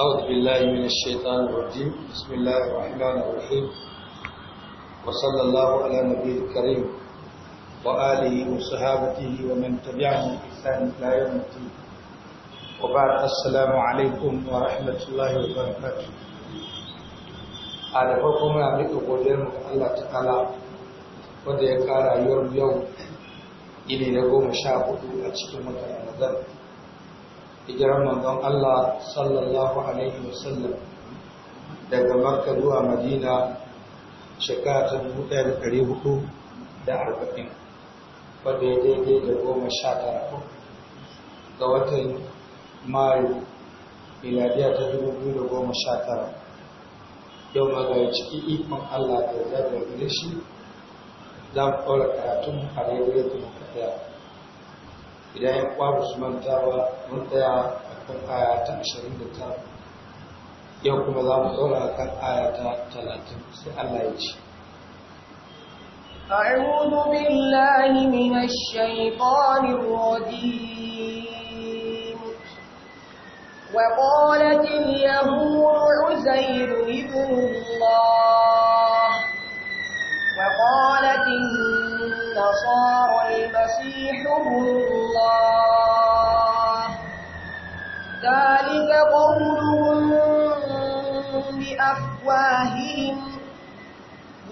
أعوذ بالله من الشيطان الرجيم بسم الله الرحمن الرحيم وصلى الله على نبي الكريم وآله وصحابته ومن تبعهم بإحسان إلى يوم الدين وبعد السلام عليكم ورحمة الله وبركاته على حكم أمريكا قدام الله تعالى wanda ya kara yau yau ne na goma sha hudu hijirar manzon Allah sallallahu alaihi wasallam daga Makka zuwa Madina shekara ta 1440 wadda ya daidai da goma sha tara ga watan Mayu miladiya ta 2019 yau magana ciki, ikon Allah da zaɓar da shi za ɗaura karatun a daidai da kuma idan ya kwaru su mantawa mun tsaya a kan aya ta 29 yau kuma za mu tsora a kan aya ta 30 sai Allah ya ce أعوذ بالله من الشيطان الرجيم وقالت اليهود عزير ابن الله وقالت النار النصارى المسيح ابن الله ذلك قولهم بأفواههم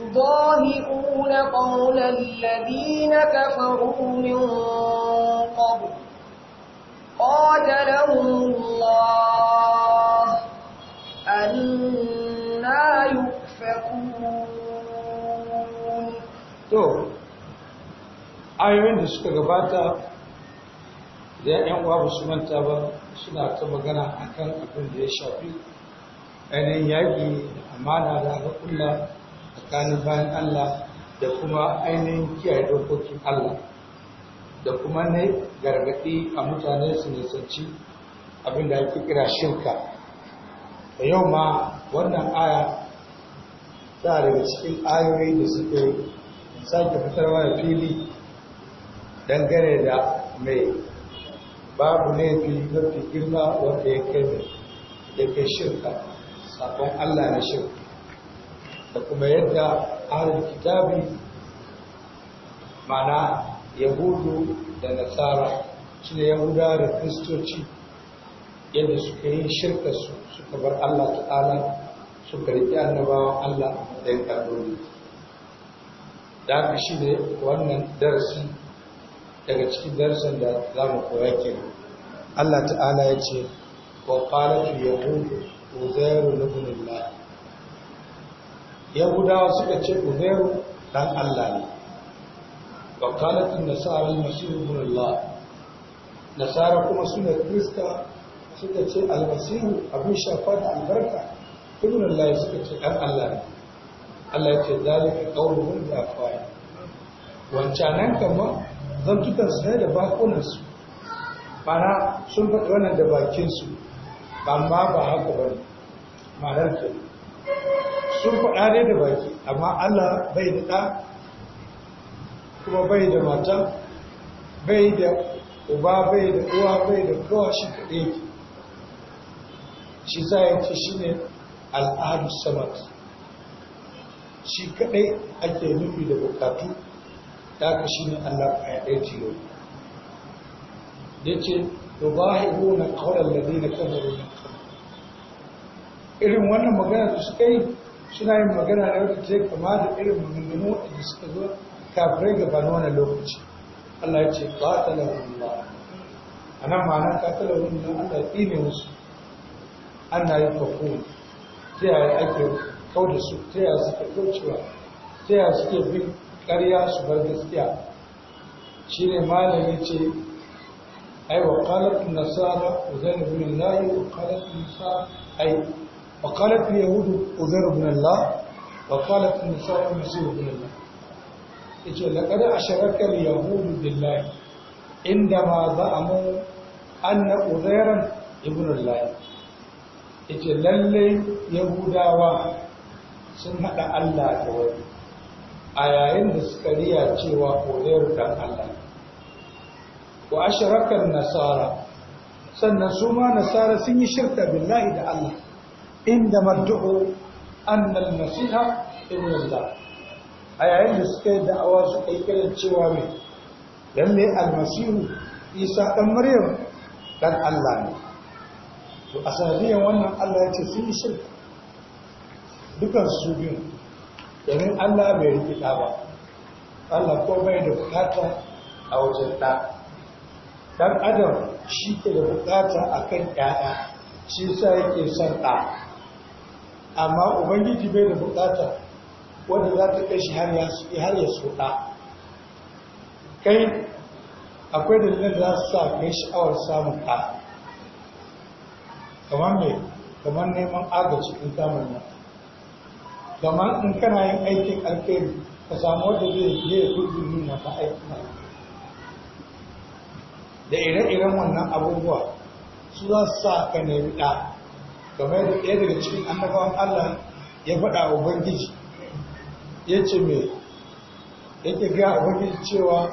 يضاهئون قول الذين كفروا من ayoyin da suka gabata da ‘yan uwa ba su manta ba suna ta magana a kan abin da ya shafi ainihin yaƙi da amana da al'ulla tsakanin bayan Allah da kuma ainihin kiyaye dokokin Allah da kuma ne gargaɗi a mutane su nisanci abin da ake kira shirka da yau ma wannan aya ta daga cikin ayoyi da suke sake fitarwa da fili dangane da mai babu laifi mafi girma wanda ya kai mai ya kai shirka sakon Allah na shirka da kuma yadda ahlul kitabi mana yahudu da nasara su ne yahuda da kristoci yadda suka yi shirka su suka bar Allah ta'ala suka riƙe annabawan Allah da yin ne da shi ne wannan darasi daga cikin darsan da za mu koya ke Allah ta'ala ya ce wa qalatu na uzairu ibn Ya yahudawa suka ce uzairu ɗan Allah ne wa qalat an-nasara masu masih Allah nasara kuma suna krista suka ce Almasihu abin shafa da albarka ibn Allah suka ce ɗan Allah ne Allah ya ce zalika wanda ya fara wancanan kama zantukansu ne da bakunansu mana sun faɗi wannan da bakinsu amma ba haka ba ne ma'anar sun faɗa ne da baki amma Allah bai da ɗa kuma bai da mata bai da uba bai da uwa bai da kowa shi kaɗe shi za a ce shi ne al'adu samad shi kaɗai ake nufi da bukatu da ka shi ne Allah a ɗaya tilo ya ce to ba haihu na da lalai na kafaru na irin wannan magana da suka yi suna yin magana da wadda ta kama da irin maganganu da suka zo kafirai gaba na wani lokaci Allah ya ce ba ƙatala Allah a nan ma'anar ƙatala Allah ya ɗine musu ana yi fako ta yaya ake kau da su ta yaya suke kaucewa ta yaya suke bin ƙarya su bar gaskiya shi ne malam ya ce ai wa qalat nasara uzair ibn allah wa qalat nasara ai wa qalat yahud uzair ibn allah wa qalat nasara masih ibn allah yace laqad asharaka al yahud billahi indama za'amu anna uzairan ibn allah yace lalle yahudawa sun haɗa Allah da wani a yayin da suka riya cewa koyar da Allah wa asharakan nasara sannan su ma nasara sun yi shirka billahi da Allah inda maddu'u annal masiha ibn Allah a yayin da suka yi da'awa su kai cewa mai dan al almasihu isa dan maryam dan Allah ne to a wannan Allah ya ce sun yi shirka dukan su biyu domin Allah bai rikita ba Allah komai da bukata a wajen ɗa ɗan adam shi ke da bukata a kan ƴaƴa shi sa yake son ɗa amma ubangiji bai da bukata wanda za ta kai shi har ya so ɗa kai akwai dalilin za su sa kai sha'awar samun ɗa kamar mai kamar neman agaci in samun nan Zaman in kana yin aikin alkhairi ka samu wadda zai yi gudun na wata aiki da ire-iren wannan abubuwa su za su sa ka ne ɗa game da ɗaya daga cikin annabawan Allah ya faɗa wa Ubangiji ya ce me yake ga Ubangiji cewa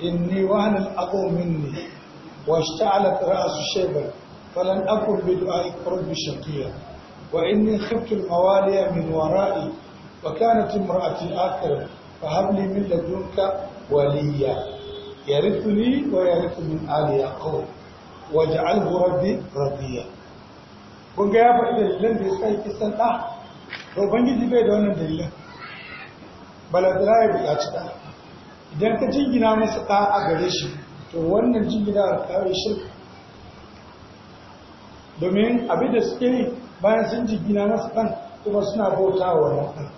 in inni wahana abomin ne wa ishta'ala su shayban falan akwai bi a ikon bishakiyar وإني خفت الموالي من ورائي وكانت امرأتي آخر فهب لي من لدنك وليا يرثني ويرث من آل يعقوب واجعله ربي رضيا kun ga ya faɗi dalilan da ya sa yake san ɗa to ubangiji bai da wannan dalilan balagala ya buƙaci ɗa idan ka jingina masa ɗa a gare shi to wannan jingina a kawai shirka domin abin da suke yi bayan sun jigina na kan kuma suna bauta wa yankan.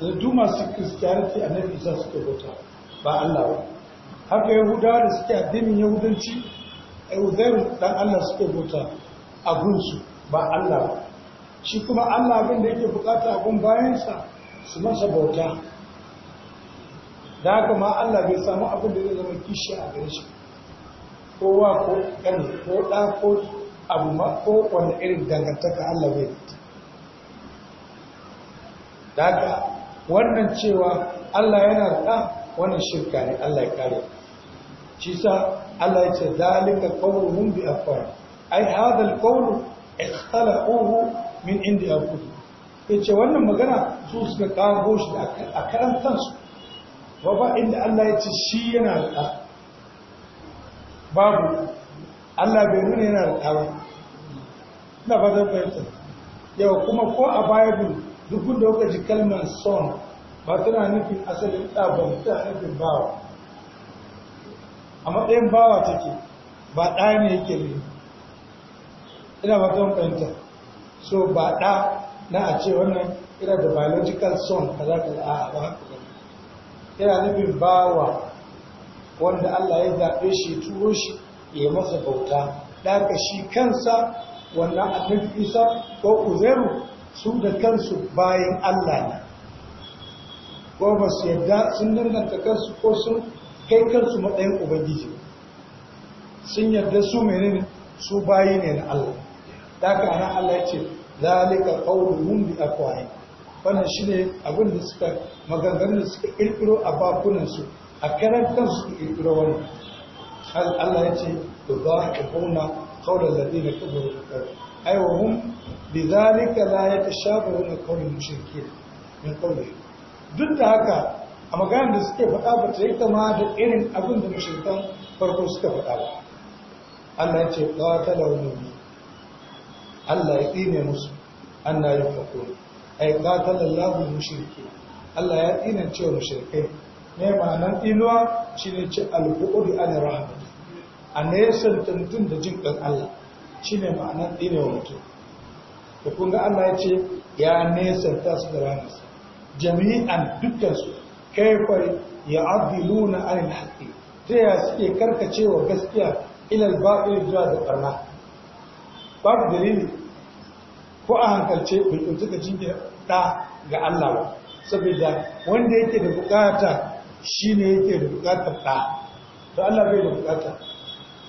da zartu masu kristiyanci a nan isa suke bauta ba allah ba haka yahudawa da suke addinin yahudanci yahudawa dan allah suke bauta a gunsu ba allah ba shi kuma allah abin da yake bukata abin bayansa su masa bauta da haka ma allah bai samu abin da zai zama kishi a gare shi kowa ko ɗan ko ɗa ko abu ma ko wani irin dangantaka Allah bai daga wannan cewa Allah yana da wannan shirka ne Allah ya kare shi sa Allah ya ce zalika qawluhum bi afwah ai hadha alqawl ikhtalaquhu min indi anfusihim yace wannan magana su suka kawo shi a karan kansu ba inda Allah ya ce shi yana da babu Allah bai nuna yana da tawa na ba zan fahimta yau kuma ko a bible duk da kuka ji kalmar son ba tana nufin asalin ɗa ba tana nufin bawa a matsayin bawa take ba ɗa ne yake ne ina ba zan fahimta so ba ɗa na a ce wannan ina da biological son ka za ka a ba haka yana nufin bawa wanda Allah ya zaɓe shi turo shi ya masa bauta daga shi kansa wannan annabi isa ko uzeru su da kansu bayan Allah ne ko ba su yadda sun danganta kansu ko sun kai kansu matsayin ubangiji sun yarda su menene su bayi ne na Allah daga ana Allah ya ce zalika qauluhum bi akwai? wannan shine abin da suka maganganun da suka ƙirƙiro a bakunansu a karan kansu kirkiro wani Allah ya ce to za ka kauna kaunar ladina kafaru da kai aiwahum bi zalika la wani qawlul mushrikeen min qawli duk da haka a maganar da suke faɗa ba ta yi kama da irin abin da mushrikan farko suka faɗa ba Allah ya ce ta qatalahum Allah ya ɗine musu anna yafakun ay qatalallahu mushrikeen Allah ya tsine cewa mushrikai ne ma'anar inuwa shi ne ci a an rahama a yi santantun da jin ɗan Allah shi ne ma'anar inuwa mutum da kun Allah ya ce ya nesan ta su da jami'an dukkansu kai kwai ya abdiluna anil haqqi ta ya suke karkacewa gaskiya ilal batil zuwa da barna babu dalili ko a hankalce bai ɗauki ka jingina ɗa ga Allah ba saboda wanda yake da buƙata. shi ne yake da bukatar ta to Allah bai da bukata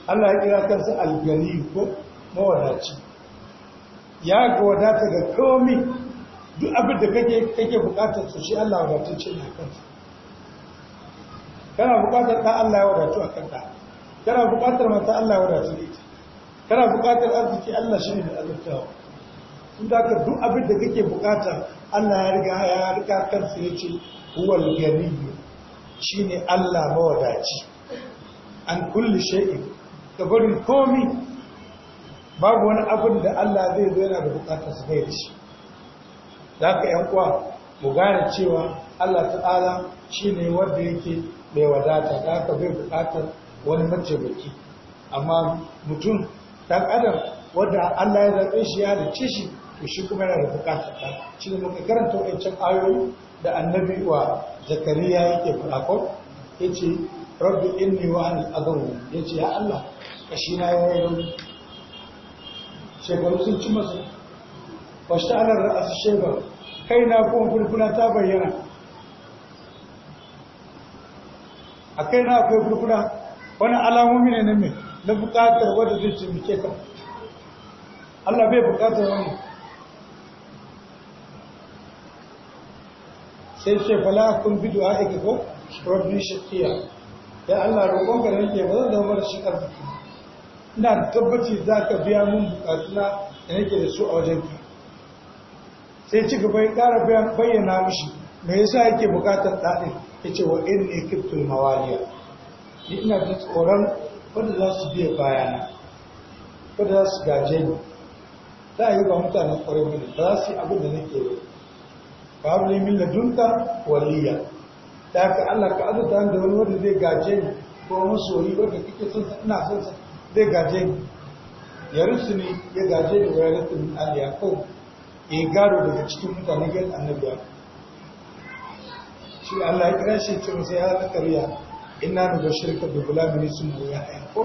Allah ya kira kansa algani ko mawadaci ya ga wadata ga komi duk abin da kake kake bukatar su shi Allah ce ne kansa kana bukatar ta, Allah ya wadatu a ta. kana bukatar mata Allah ya wadatu ne kana bukatar arziki Allah shi ne da azurtawa sun da ka duk abin da kake bukata Allah ya riga ya riga kansa ya ce huwal ganiyyu Shi ne Allah mawadaci an kulle shi da gudun komi babu wani abin da Allah zai zo yana da bukatar su bai shi da haka yan uwa mu gane cewa Allah ta'ala ne wanda yake mai wadata da haka bai bukatar wani mataimaki amma mutum ɗan adam wadda Allah ya zaɓe shi ya halicce shi to shi kuma yana da bukatar ta shi ne muka karanta wancan ayoyi da annabi wa zakariya yake faɗa ko yace rabbi inni wa an adawu yace ya Allah kashi na yayi rauni shekaru sun ci masa washta ala ra'as shekaru. kai na kuma furfuna ta bayyana a kai na akwai furfuna wani alamomi ne na me na bukatar wadda zai ce muke ka Allah bai bukatar wani sai ce fala kun bi du'a ka ko rabbi shakiya ya Allah roƙon ka nake ba zan zama a arziki ina tabbaci za ka biya mun bukatuna da nake da su a wajen ka sai ci gaba ya ƙara bayyana mishi me yasa yake bukatar ɗaɗin ya ce wa inni kiftul mawaliya ni ina da tsoron wanda za su biya bayana wanda za su gaje ni za a yi ba mutanen ƙwarai ba za su yi abin da nake yi babu ne min ladunka waliya da ka Allah ka azuta da wani wanda zai gaje ni ko masoyi wanda kike son ina son sa zai gaje ni ya rusu ni ya gaje ni wa ya rusu min aliya ko ya gado daga cikin mutane gan annabiya shi Allah ya kira shi cin sai ya kariya inna nubashirka bi gulamin ismu ya hayya ko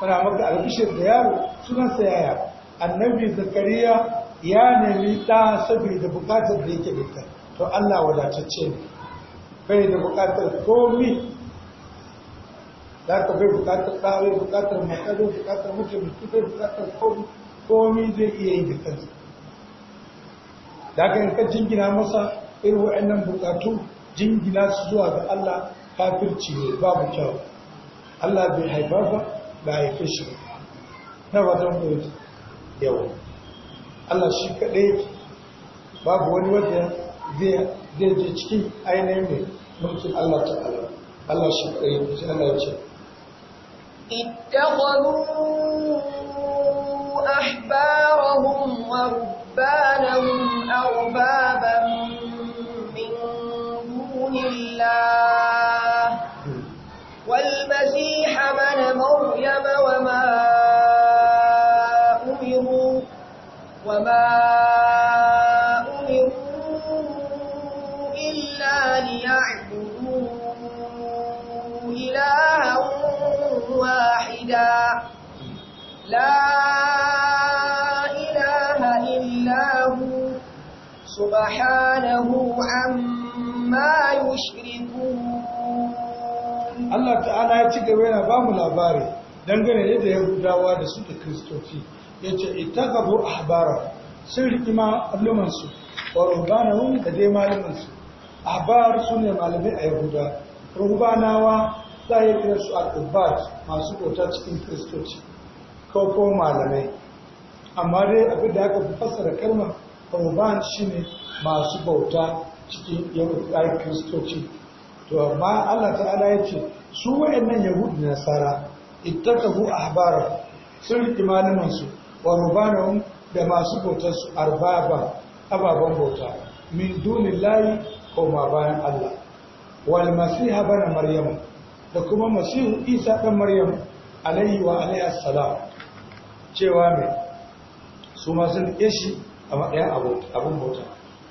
fara maka albishir da yaro sunan sa yaya annabi zakariya ya nemi ɗa saboda buƙatar da yake da to Allah wadatacce ne bai da buƙatar komi za ka bai buƙatar ɗa bai buƙatar mata buƙatar mutum bai buƙatar komi zai iya yi da kansa da ka yanka ka jingina masa irin waɗannan buƙatu jingina su zuwa ga Allah kafirci ne babu kyau Allah bai haifa ba ba haife shi ba na wajen koyi yawa Allah shi kaɗai babu wani wadda zai je cikin ainihin mai mulkin Allah ta'ala Allah shi kaɗai sai Allah ya ce اتخذوا أحبارهم وربانهم أربابا من wal masiha والمسيح بن wa وما لا إله إلا Allah ta'ala ya ci gaba yana ba mu labari dangane da Yahudawa da su da Kiristoci ya ce itakabu ahbara sun riƙi malumansu wa rubanahum da dai malumansu su ne malamai a Yahuda rubanawa za a yi a al masu bauta cikin Kiristoci ko malamai amma dai abin da aka fi fassara kalmar ruban shine masu bauta cikin yahudawa kristoci to amma Allah ta'ala ya ce su wayannan yahudu da nasara ittakahu ahbara sun riƙi malamansu wa rubanahum da masu bautar su arbaba ababen bauta min dunin layi ko ma bayan Allah wal masiha bana maryam da kuma masihu isa ɗan maryam alaihi wa alaihi assalam cewa mai su ma sun rike shi a matsayin abin bauta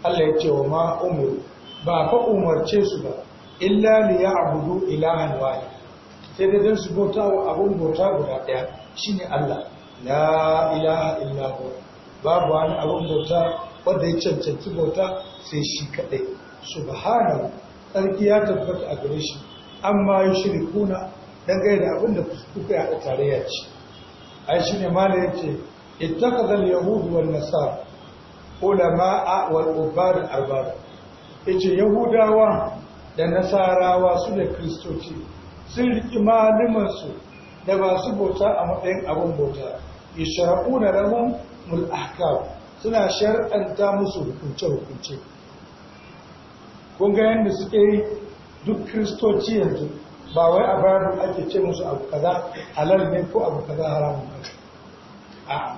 Allah ya ce wa ma umaru ba fa umarce su ba illa li abudu ilahan wahi sai da don su bauta wa abin bauta guda ɗaya ne Allah la ilaha illa hu babu wani abin bauta wanda ya cancanci bauta sai shi kadai subhanahu tsarki ya tabbata a gare shi amma yushrikuna dangane da abin da kuka yi a tarayya ce ai ne mala yace ittakadal yahud wal nasar ulama'a wal ubad arbab yace yahudawa da nasarawa su da kristoci sun riki maliman su da ba su bauta a matsayin abun bauta yashra'una lahum mul ahkam suna shar'anta musu hukunce hukunce kun ga yanda suke duk kristoci yanzu ba wai a babu ake ce musu abu kaza halal ne ko abu kaza haramun ne a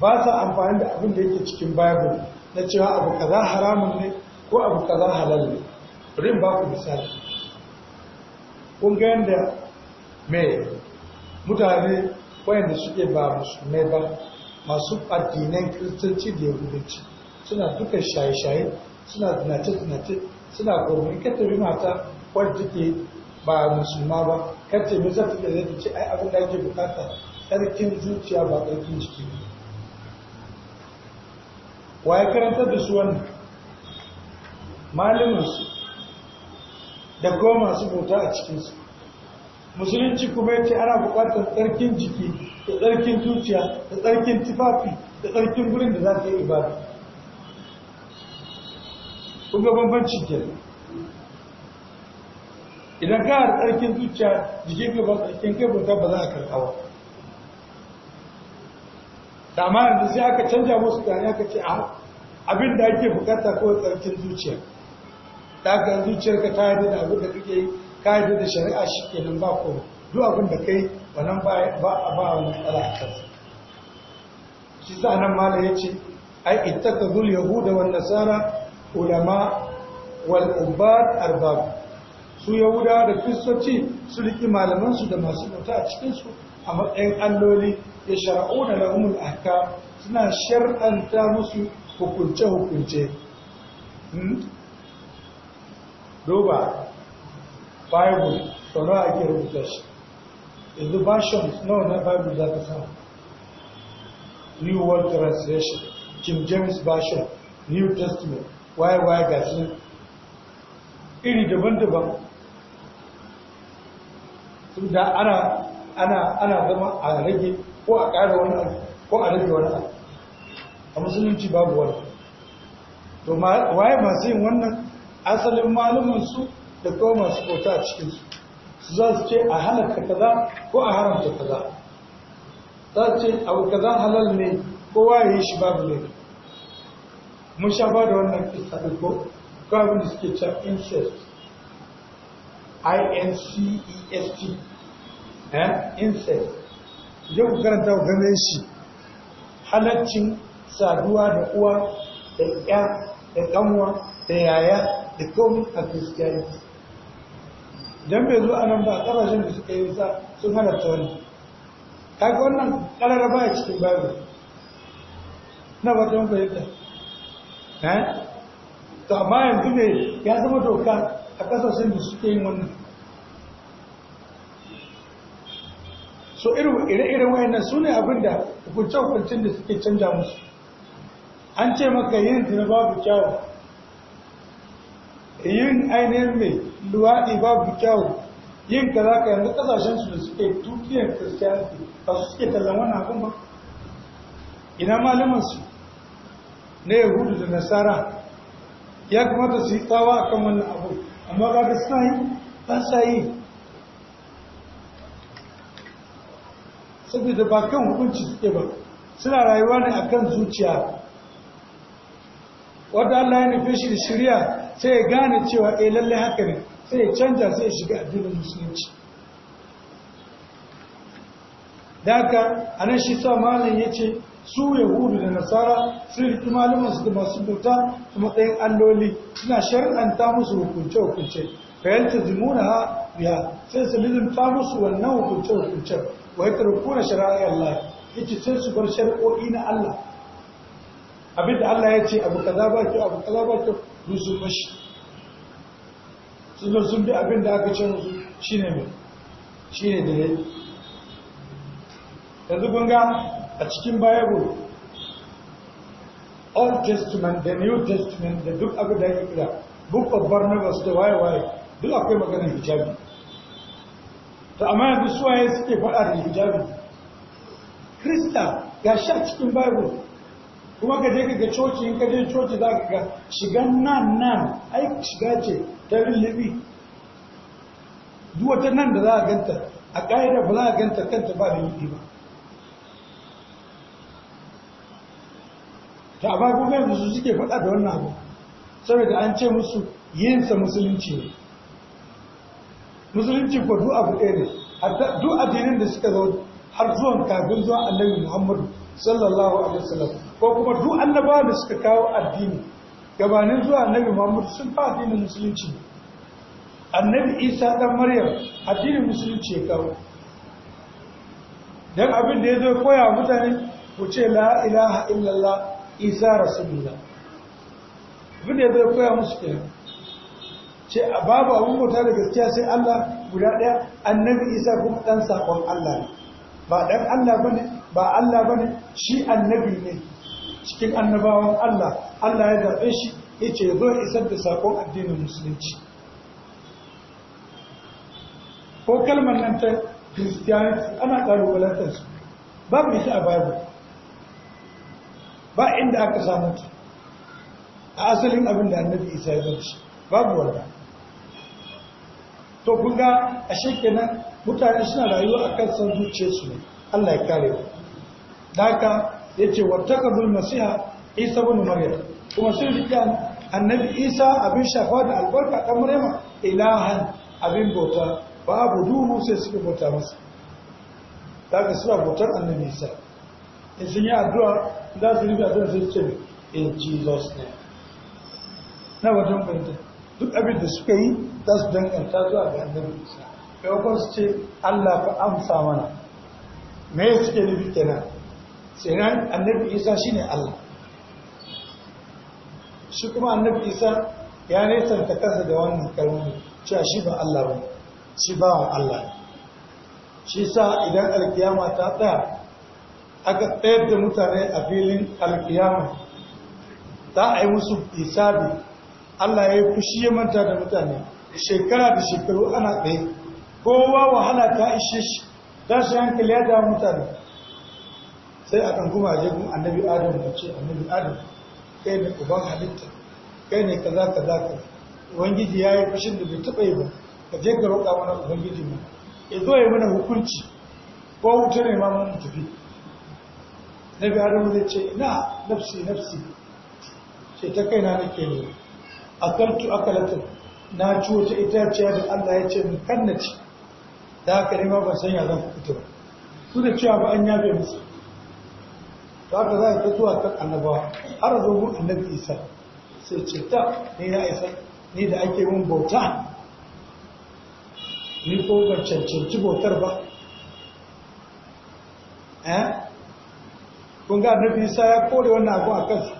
ba sa amfani da abin da yake cikin babu na cewa abu kaza haramun ne ko abu kaza halal ne rin ba ku misali kun ga yadda me mutane wayanda suke ba musulmai ba masu addinan kiristanci da yahudanci suna duka shaye-shaye suna zinace-zinace suna gwamnati katari mata wadda take ba musulma ba kace me zai da zai ce ai abin da ake bukata tsarkin zuciya ba tsarkin jiki wa ya karanta da su wannan su, da kuma masu bauta a cikinsu musulunci kuma ce ana bukatar tsarkin jiki da tsarkin zuciya da tsarkin tufafi da tsarkin gurin da za ta yi ibada kun ga bambanci kenan idan ka har tsarkin zuciya jikin ka ba tsarkin kai bauta ba za a karkawa. ba amma yanzu sai aka canja musu da aka kace a abin da ake bukata ko tsarkin zuciya da ga zuciyar ka ta yi da abin da kake yi ka yi da shari'a shi ke nan ba ko duk abin da kai wannan ba a ba wani matsala a kansa shi sa nan ma ya ce ai ittaka zul yahuda wan nasara ulama wal ubbad arbab su yahudawa da kristoci su riƙi malamansu da masu bauta a cikinsu a matsayin alloli ya shara'u da lahumul aka suna shar'anta musu hukunce-hukunce roba hmm? bible a ake rubuta shi yanzu versions nawa na bible za ta samu new world translation jim james version new testament waye-waye ga iri daban-daban su da ana zama a rage ko a ƙara wani abu ko a rage wani abu a musulunci babu wani to waye masu yin wannan asalin malumansu da kuma masu kota a cikinsu su za su ce a halatta kaza ko a haramta kaza za su ce abu kaza halal ne ko ya yi shi babu ne mun sha ba da wannan kisa ko kawai da suke can incest E eh? incest incest zai ku karanta ku gane shi halaccin saduwa da uwa da ya da kanwa da yaya da komi a christianity don bai zo a nan ba a ƙarashin da suka yi sa sun halatta wani kaga wannan ƙarara baya cikin bayan na ba ta fahimta eh? ta amma yanzu ne ya zama doka a sun da suke yin wannan so irin iren wayannan su ne abin da hukuncin da suke canja musu an ce maka yin zina babu kyawu yin ainihin mai luwaɗi babu kyawu yin ka za ka yanzu ƙasashen su da suke tukiyar kristiyanci ba su suke tallan wani abin ba ina malamansu na yahudu da nasara ya kamata su yi tsawa akan wannan abu amma kaga suna yi ba sa yi saboda ba kan hukunci suke ba suna rayuwa ne a kan zuciya wadda Allah ya nufe shi da shirya sai ya gane cewa eh lallai haka ne sai ya canja sai ya shiga addinin musulunci da haka a nan shi sa malin ya ce su yahudu da nasara sun riki su da masu bauta a matsayin alloli suna shari'anta musu hukunce-hukunce fayanta zimuna ha biya sai su ta musu wannan hukunce-hukunce wa ya tarukuna shari'a, Allah yake sai su bar shari'o'i na Allah abin da Allah ya ce abu kaza ba ki abu kaza ba ki musu mashi sun sun bi abin da aka ce musu shine mai shine da yayi yanzu kun ga a cikin bible old testament da new testament da duk abu da yake kira book of barnabas da waye waye duk akwai maganar hijabi to amma yanzu suwaye suke faɗa da hijabi krista ga sha cikin bible kuma ka je ga coci in ka je coci za ka ga shigan nan nan ai shiga ce ta lullubi Duwata nan da za a ganta a ƙa'ida ba za a ganta kanta ba da yi ba ta ba kuma yanzu su suke faɗa da wannan abu saboda an ce musu yin sa musulunci ne musulunci ko du'a abu ɗaya ne duk addinin da suka zo har zuwan kafin zuwan annabi muhammadu sallallahu alaihi wasallam ko kuma duk annaba da suka kawo addini gabanin zuwa annabi muhammadu sun fa addinin musulunci ne annabi isa dan maryam addinin musulunci ya kawo dan abin da ya zo koya mutane ku ce la ilaha illallah isa rasulullah abin da zai koya musu kenan ce babu abin bauta da gaskiya sai Allah guda ɗaya annabi isa kuma ɗan saƙon Allah ne ba ɗan Allah ba ne ba Allah ba ne shi annabi ne cikin annabawan Allah Allah ya zaɓe shi ya ce zo isar da saƙon addinin musulunci ko kalmar nan ta christianity ana ƙalubalantar su babu ita a bible ba inda aka samu ta a asalin abin da annabi isa ya zarci babu wanda to kun ga a shekina mutane suna rayuwa a kan san zuciyarsu ne allah ya kare ba da haka ya ce wataka masiha isa wani maryam kuma sun riƙe annabi isa abin shafa da albarka ɗan murema, ilahan abin bauta babu duhu sai suka bauta masa da haka suna bautar annabi isa in sun yi addu'a za su riga sun system in jesus name na wajen fahimta duk abin da suka yi za su danganta zuwa ga annabi isa yawon su ce allah ka amsa mana me ya suke nufi kenan sai nan annabi isa shine allah shi kuma annabi isa ya ta kasa da wannan kalmomi cewa shi ba allah ba shi ba wa allah shi sa idan alkiyama ta tsaya aka tsayar da mutane a filin alkiyama za a yi musu isabi Allah ya yi fushi ya manta da mutane shekara da shekaru ana tsaye kowa wahala ta ishe shi tashi hankali ya da mutane sai a kan kuma aje annabi adam da ce annabi adam kai ne uban halitta kai ne kaza kaza ka ubangiji ya yi fushin da bai taɓa yi ba ka je ka roƙa mana ubangiji mu ya zo ya mana hukunci ko wuta ne ma mun tafi nabi da zai ce ina nafsi nafsi ce ta kai na nake ne akaltu akalatin na ciwo ta itaciya da Allah ya ce kanna kannaci da haka ne ma ban san ya zan fito su da cewa ba an yabe musu to haka za a ta zuwa kan annabawa har zo mu annabi isa sai ce ta ni na isa ni da ake mun bauta ni ko ban cancanci bautar ba eh kun ga annabi isa ya kore wannan abu a kansu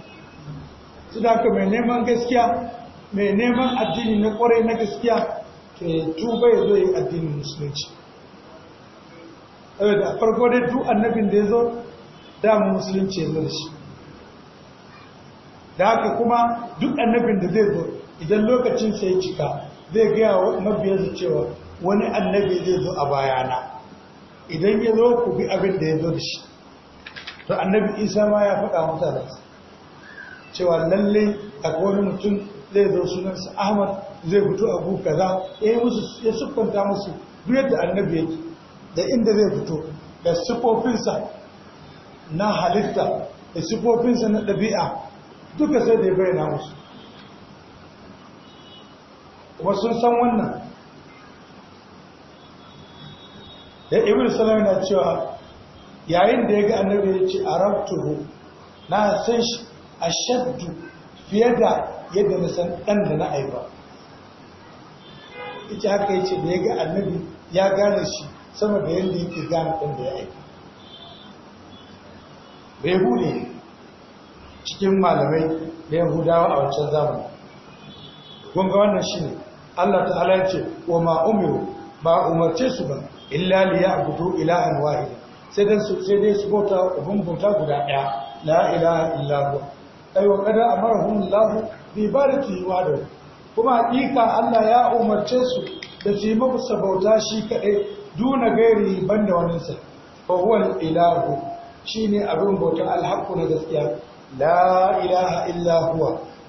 su da aka mai neman gaskiya mai neman addini na kwarai na gaskiya ke tuba ya zo yi addinin musulunci da farko dai duk annabin da ya zo damar musulunci ya zai shi da haka kuma duk annabin da zai zo idan lokacin sai cika zai gaya wa su cewa wani annabi zai zo a bayana idan ya zo ku bi abin da ya zo da shi to annabi isa ma ya faɗa mutane cewa lalle a wani mutum zai zo sunansa ahmad zai fito a za a yi musu ya siffanta musu duk yadda annabi yake da inda zai fito da siffofinsa na halitta da siffofinsa na ɗabi'a duka sai da ya bayyana musu kuma sun san wannan da ibn salam na cewa yayin da ya ga annabi ya ce a rabtuhu na san shi a shaddu fiye da yadda na san dan da na aiba ita haka yace da ya ga annabi ya gane shi sama da yadda yake gane dan da ya aiba bai hude cikin malamai da yahudawa a wancan zamani gunga wannan wannan shine Allah ta'ala ya ce wa ma'umiru ba umarce su ba illa liya'budu ilahan wahida sai dai su bauta abin bauta guda ɗaya la ilaha illahu ai a mara amarahum lahu bi da wa da kuma hakika Allah ya umarce su da su yi bauta shi kaɗai duna gairi ban da wani sa fa ilahu shi shine abin bauta alhaku na gaskiya la ilaha illa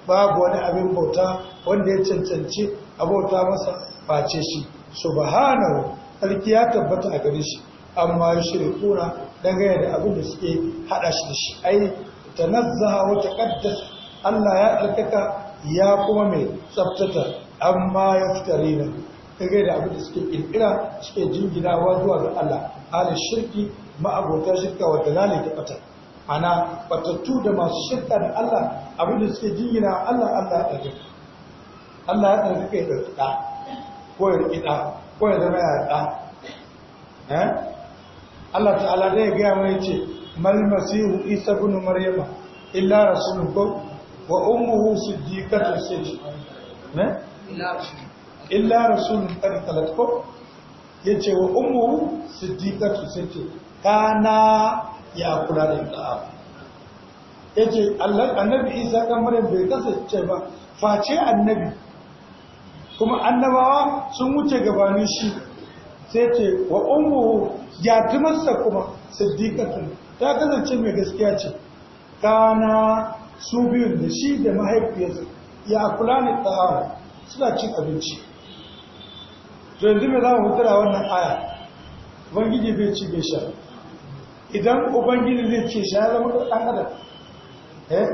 babu wani abin bauta wanda ya cancanci a bauta masa face shi subhanahu sarki ya tabbata a gare shi amma yushrikuna dangane da abin da suke hada shi da shi ai tanazzaha wa taqaddas Allah ya tsarkaka ya kuma mai tsaftata amma ya fitare ne dangane da abin da suke kirkira suke jinginawa zuwa ga Allah halin shirki ma'abota shirka wa dalali ta bata ana batattu da masu shirka da Allah abin da suke jingina Allah Allah ya tsarkaka Allah ya tsarkaka ya tsarkaka ko ya rikida ko ya zama ya tsarkaka eh? Allah ta'ala dai gaya mai ce mal masihu isa ibn maryama illa rasulun ko wa ummuhu siddiqatu sai ce ne illa rasulun qad talat ko yace wa ummuhu siddiqatu sai ce kana ya kula da ka yace Allah annabi isa kan maryam bai kasance ba face annabi kuma annabawa sun wuce gabanin shi sai ce wa ummuhu tumarsa kuma siddiƙatun ta kasance mai gaskiya ce kana su biyu da shi da mahaifiyarsa ya kula ne hawa suna cin abinci to yanzu mai za mu hutura wannan aya ubangiji bai ci bai sha idan ubangiji zai ce sha zama da ɗan adam eh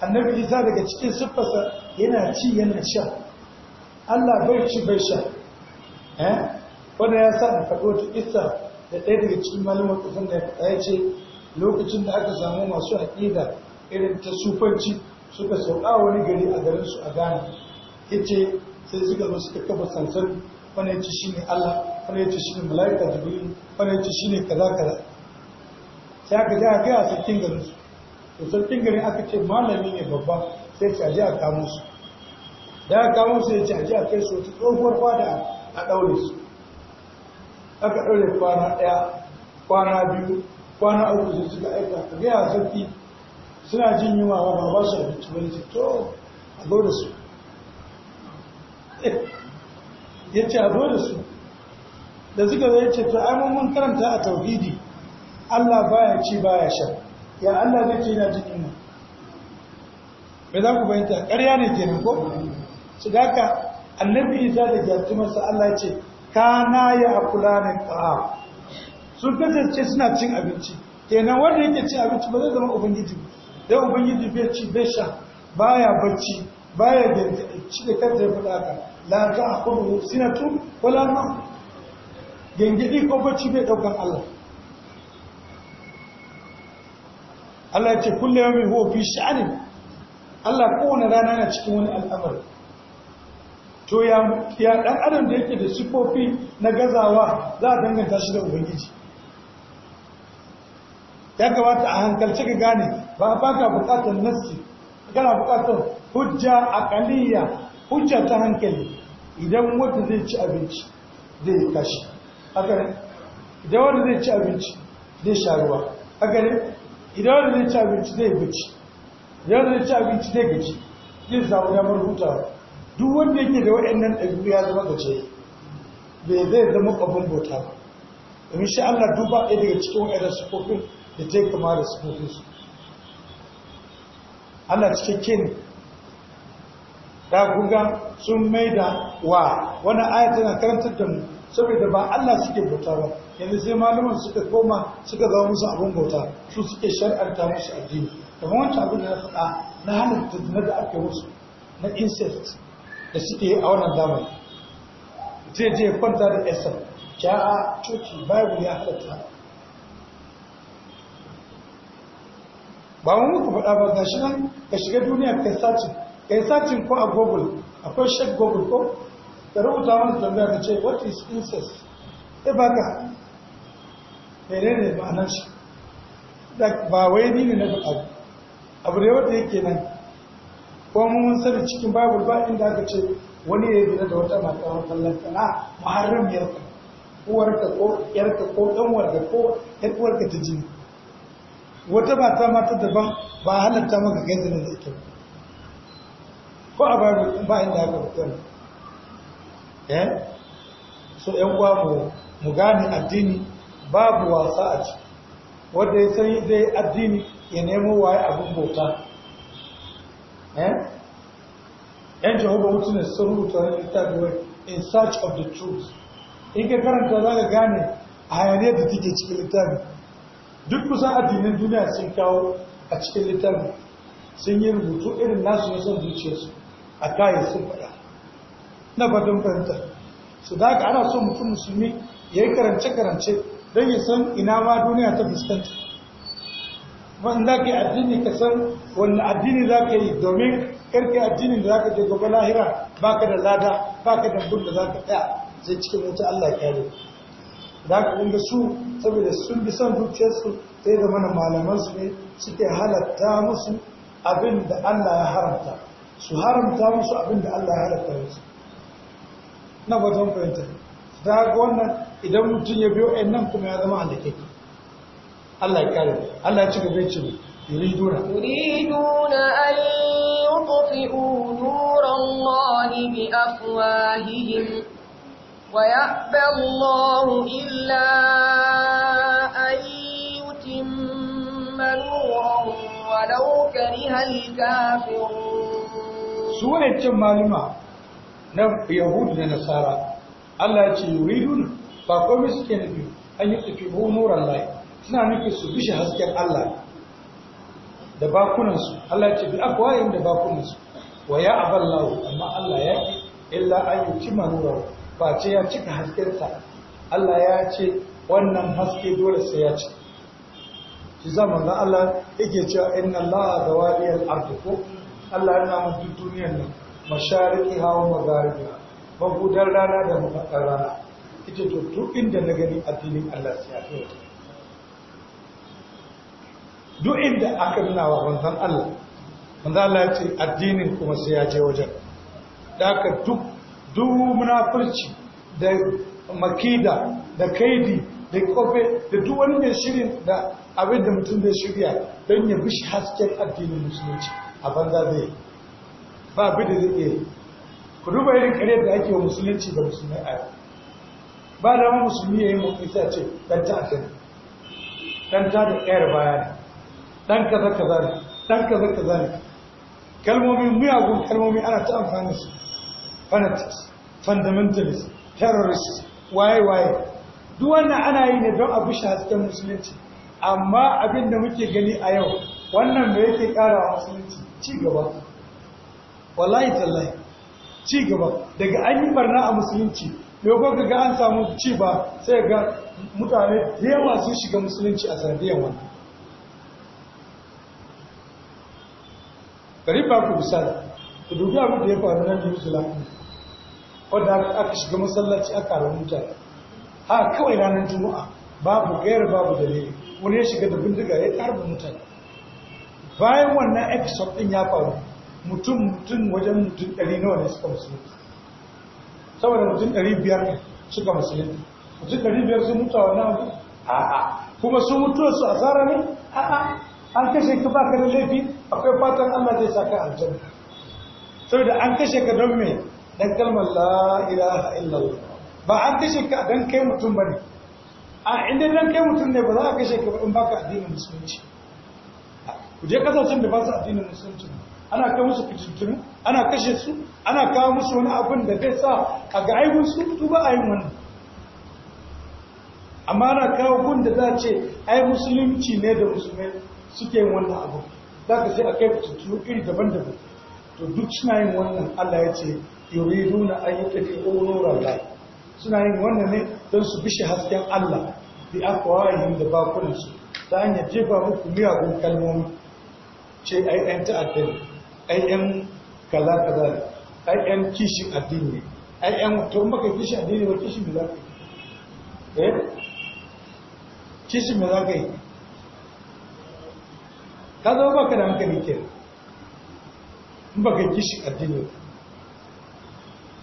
annabi isa daga cikin siffarsa yana ci yana sha Allah bai ci bai sha eh wanda ya sa na faɗo ta isa da ɗaya daga cikin malamar kafin da ya faɗa ya ce lokacin da aka samu masu aƙida irin ta sufanci suka sauka wani gari a garinsu a ghana ya ce sai suka zo suka kafa sansan wani shi ne allah wani shi ne mala'ika jibril wani yace shi ne kaza kaza sai aka ji a kai a sarkin garinsu to sarkin garin aka ce malami ne babba sai ce aje a kamo su da aka kamo su ya ce aje a kai su wata tsohuwar fada a ɗaure su aka ɗaure kwana ɗaya kwana biyu kwana uku sai suka aika ka gaya sarki suna jin yunwa ba ba ba su abinci wani ce to a zo da su ya ce a zo da su da suka zai ce to ai mun karanta a tauhidi Allah baya ci baya sha ya Allah zai ce yana jin yunwa me za ku bayyanta ƙarya ne kenan ko su da annabi isa da jatumarsa Allah ya ce kana ya akula ne ta sun kasance suna cin abinci kenan wanda yake cin abinci ba zai zama ubangiji dai ubangiji bai ci bai sha baya bacci baya da ci da kanta ya fada ka la ta akhudhu sinatu wala ma gengedi ko bacci bai daukan Allah Allah ya ce kullum yawmin huwa fi sha'anin Allah kowane rana yana cikin wani al'amari to ya ya dan adam da yake da sifofi na gazawa za a danganta shi da ubangiji ya kamata a hankalci ka gane ba a baka bukatar nassi kana bukatar hujja aqaliyya hujja ta hankali idan wanda zai ci abinci zai yi kashi haka ne idan wanda zai ci abinci zai sha ruwa haka ne idan wanda zai ci abinci zai bici idan wanda zai ci abinci zai gaji zai samu damar hutawa duk wanda yake da waɗannan ɗabi'u ya zama gaje bai zai zama abin bauta ba domin shi Allah duba ɗaya daga cikin waɗannan sufofin da ta yi kama da sufofin su Ana cikakken ɗaguga sun maida wa wani a karantar da mu saboda ba Allah suke bauta ba yanzu sai malaman suka koma suka zama musu abin bauta su suke shar'arta musu addini kamar wancan abin da na faɗa na hana da ake musu na incest da suke a wannan zamani zai je kwanta da esan Ja a coci bayan ya halatta ba mu muku faɗa ba ga shi nan ka shiga duniya kai sacin kai sacin ko a google akwai shek google ko ka rubuta wani tambaya ka ce what is incest e ka mene ne ma'anar shi ba wai ni ne na faɗa abu ne da yake nan ko mun sani cikin babul ba inda aka ce wani ya yi da wata mata wata lantana muharram yarka ka ko ka ko ka ko ɗan ka ta jini wata mata mata daban ba halatta maka kai zina da ita ko a babu ba inda aka fitar eh so yan uwa mu mu gane addini babu wasa a ciki wanda ya san zai addini ya nemo waye abin bauta Eh? yan jehovah witness sun rubuta wani littafi wani in search of the truth in ka karanta za ka gane a hayaniyar da take cikin littafi duk kusan addinin duniya sun kawo a cikin littafi sun yi rubutu irin nasu na son zuciyarsu a kayan sun faɗa na fadin fahimta su da ana son mutum musulmi ya yi karance-karance don ya san ina ma duniya ta fuskanta wanda ke addini ka san wanda addini za ka yi domin karka addini da za ka je gaba lahira ba ka da lada ba ka da da za ka ɗaya, sai cikin wata Allah ya ne Da ka kunga su saboda sun bi son zuciyarsu sai da mana malamansu ne suke halatta musu abin da Allah ya haramta su haramta musu abin da Allah ya halatta musu na wajen fahimta wannan idan mutum ya biyo ɗan nan kuma ya zama halake. Allah ya kare Allah ya ci gaba ce yuriduna yuriduna an yutfi'u nurallahi bi afwahihim wa illa an yutimma nurahu walau kariha al-kafirun sune cin maluma na yahudu da nasara Allah ya ce yuriduna ba komai suke nufi an yi nuran layi suna nufin su bishe hasken Allah da bakunansu Allah ce bi afwayin da bakunansu wa ya aballahu amma Allah ya ki illa an cima nura ba ce ya cika haskensa Allah ya ce wannan haske dole sai ya ci shi zaman da Allah yake cewa inna Allah da waliyar ardi ko Allah yana mutu duniyar nan mashariki hawa magharibi magudan gudar rana da mafaɗar rana ita to duk inda na gani addinin Allah sai ya duk inda aka nuna wa wanzan Allah wanzan Allah ce addinin kuma sai ya je wajen da aka duk munafurci da makida da kaidi da kofe da duk wani mai shirin da abin da mutum da shirya don ya bishi hasken addinin musulunci a banza zai ba bi da zai iya ku duba irin kare da ake wa musulunci da musulmai a ba da musulmi ya yi mafisa ce dan ta dan ta da ƙayar baya dan kaza kaza dan kaza kaza ne kalmomi miyagun kalmomi ana ta amfani su fanatics fundamentalist terrorist waye waye duk wannan ana yi ne don a bushe hasken musulunci amma abin da muke gani a yau wannan me yake kara wa musulunci ci gaba wallahi tallahi ci gaba daga an yi barna a musulunci me ko ga an samu ci ba sai ga mutane da yawa sun shiga musulunci a sanadiyar wannan bari ku misali da dubi abu da ya faru na biyu zula wadda aka shiga masallaci aka haru mutane ha kawai ranar juma'a babu gayar babu dalili wani ya shiga da bindiga ya karba mutane bayan wannan episode din ya faru mutum mutum wajen mutum ɗari nawa ne suka musulunta saboda mutum ɗari biyar suka musulunta mutum ɗari biyar sun mutu a wannan abu a'a kuma sun wasu su tsara ne a'a an kashe ka baka da laifi akwai fatan Allah zai saka aljanna saboda an kashe ka don me dan kalmar la ilaha illallah ba an kashe ka dan kai mutum bane a inda dan kai mutum ne ba za ka kashe ka in baka addinin musulunci ku je kasashen da ba su addinin musulunci ana kai musu fitintunu ana kashe su ana kawo musu wani abin da zai sa a ga aibun su duba ayin wani. amma ana kawo gun da za a ce ai musulunci ne da musulmai suke yin wannan abin za ka sai a kai cikin iri daban-daban to duk suna yin wannan Allah ya ce yori yuriduna ayyukan nuran da suna yin wannan ne don su bishe hasken Allah da akwawa afwahihim da bakunansu ta hanyar jefa muku miyagun kalmomi ce ai ɗan ta'adda ne kaza kaza ne ai kishin addini ne ai ɗan to maka kishin addini ba kishin da za ka yi kishin me za ka yi eh? ka zo baka da hankali ke in baka kishi addini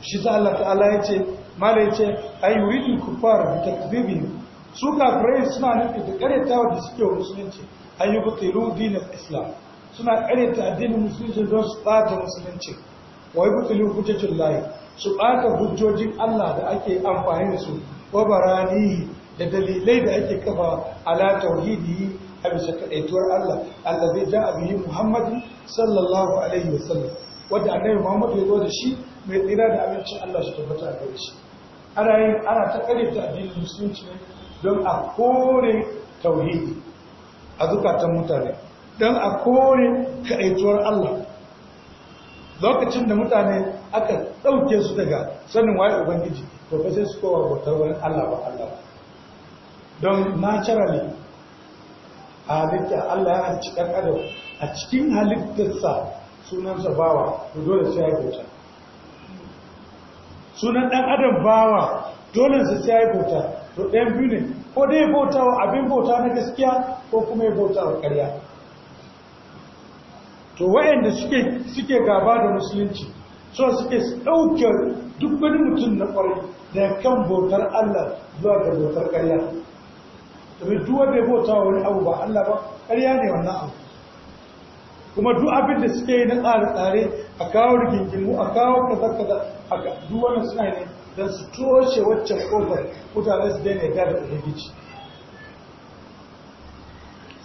shi za Allah ta'ala ya ce mala ya ce a yi wurin fara da takzibi su kafirai suna nufi da karyatawa da suke wa musulunci A yi butilu dinin islam suna karyata addinin musulunci don su ɓata musulunci wai butilu hujjajin layi su ɓata hujjojin Allah da ake amfani da su wa barani da dalilai da ake kafa ala tauhidi a bisa kaɗaituwar Allah Allah zai ja a yi Muhammadu sallallahu alaihi wa sallam wadda annabi Muhammadu ya zo da shi mai tsira da abincin Allah shi tabbata a gare shi ana yin ana ta ƙarfi addinin musulunci ne don a kore tauhidi a zukatan mutane don a kore kaɗaituwar Allah lokacin da mutane aka ɗauke su daga sanin waye ubangiji to ba sai su kowa bautar wani Allah ba Allah don naturally halitta Allah ya hanci ɗan adam a cikin halittarsa sunansa bawa to dole sai ya bauta sunan ɗan adam bawa dole sai ya bauta to ɗayan biyu ne ko dai bauta wa abin bauta na gaskiya ko kuma ya bauta wa ƙarya to waɗanda suke gaba da musulunci so suke ɗauke duk wani mutum na ƙwarai da kan bautar Allah zuwa ga bautar ƙarya domin duk wanda ya bauta wa wani abu ba Allah ba ƙarya ne wannan abu kuma duk abin da suke yi na tsare-tsare a kawo rigingimu a kawo kaza a duk wannan suna ne don su toshe waccan kofar, mutane su daina yarda da ubangiji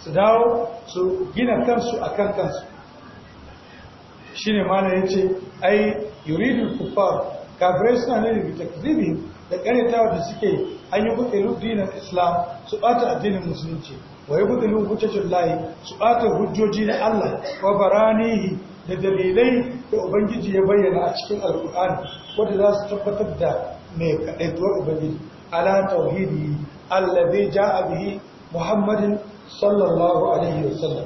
su dawo su gina kansu a kan kansu shi ne mana ya ce ai yuridul kufar kafirai suna ne da takzibihim da karyatawa da suke an yi buɗe dinin islam su ɓata addinin musulunci wa yi buɗe hujjajin layi su ɓata hujjoji na allah wa baranihi da dalilai da ubangiji ya bayyana a cikin alkur'ani wadda za su tabbatar da mai kaɗaituwar ubangiji ala tauhidi allazi ja'a bihi muhammadin sallallahu alaihi wasallam